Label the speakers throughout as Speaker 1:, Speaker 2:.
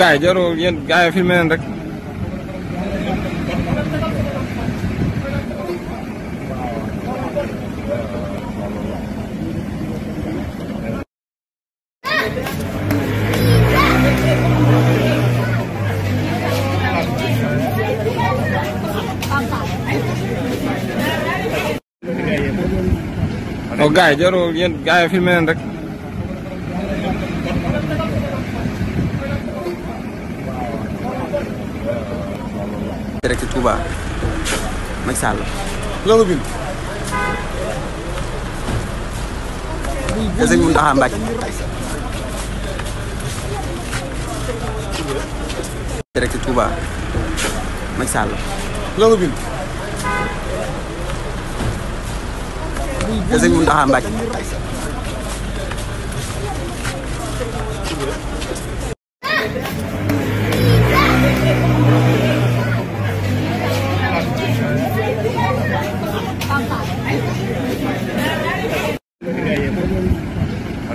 Speaker 1: gars yi jarul yéen gars yi filmé yéen gars yi filmé rek. direct Touba
Speaker 2: Macky Sall. la nga bind. te sëñ Mountakha Mbacké. direct Touba Macky Sall.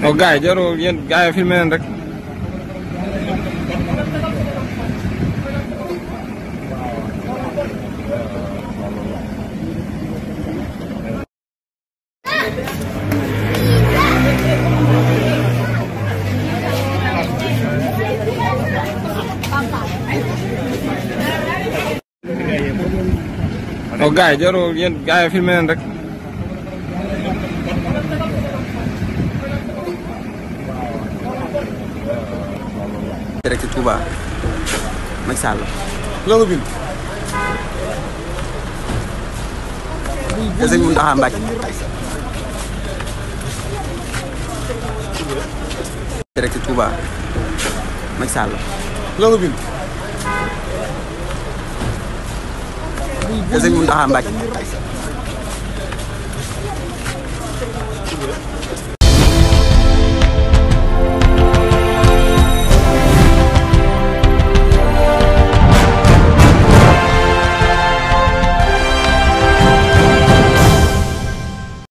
Speaker 1: oh gars yi jarul yéen gars yi filmé leen oh, yéen gars yi filmé rek. arrêté
Speaker 2: Touba Macky Sall. la ko bind. sëñ Mountakha Mbacké. arrêté Touba Macky Sall. la ko bind. sëñ Mountakha Mbacké.